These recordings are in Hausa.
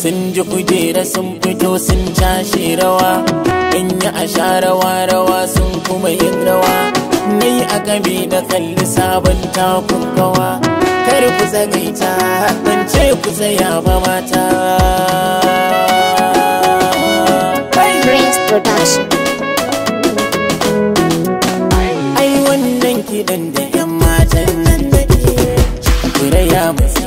Sun ji kujera sun fito sun cashe rawa, in yi a sha rawa rawa sun kuma yin rawa. Ni a gabe da kalli sabon takun gawa, kar ku tsagaita, ban ce ku tsaya ba mata. Ai wannan kiɗan da 'yan matan nan da ke, kure ya musu.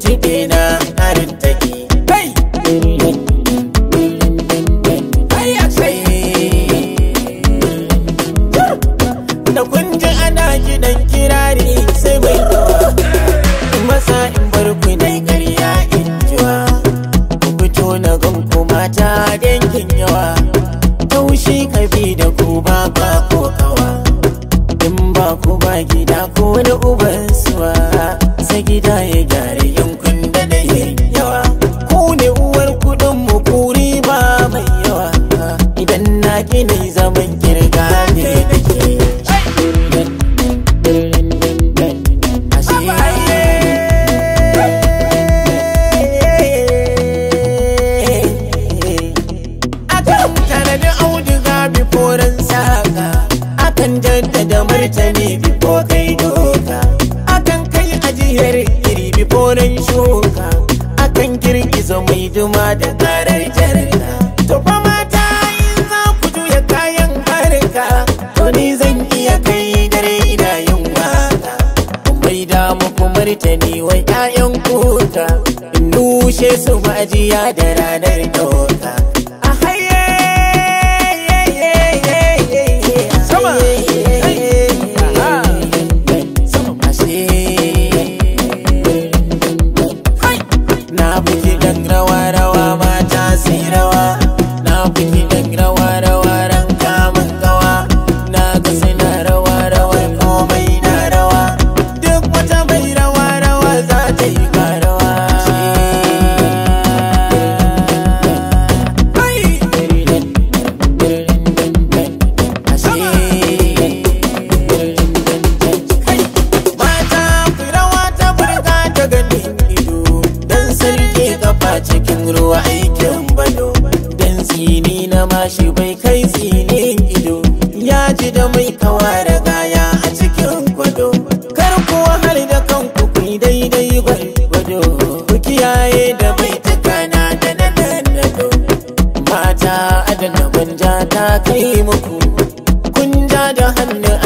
tuntuɓe na harin take kai da kunji ana gidan kirari sai mai kowa masa in bar ku dai karya in jiwa ku fito na gan ku mata dankin yawa taushi kafi da ku ba ka ko kawa in ba ku ba gida ko wani mun kirga ne Akan jaddada martani bifo kai doka Akan kai ajiyar iri bifo nan shuka Akan girgiza mai duma da ni wai 'ya'yan kota in nushe su ma'ajiya da ranar ɗauka tota. na buki gangarawar ruwa aikin bado dan tsini na mashi bai kai tsinin ido ya ji da mai kawa da gaya a cikin kwado kar ku har da kanku ku daidai gwado ku kiyaye da bai tukana da na nanado mata adana banja ta kai muku kun ja da hannu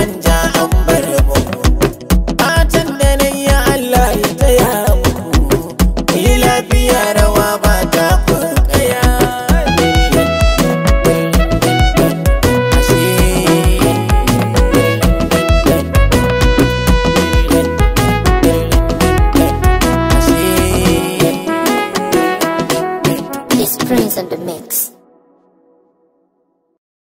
in the mix.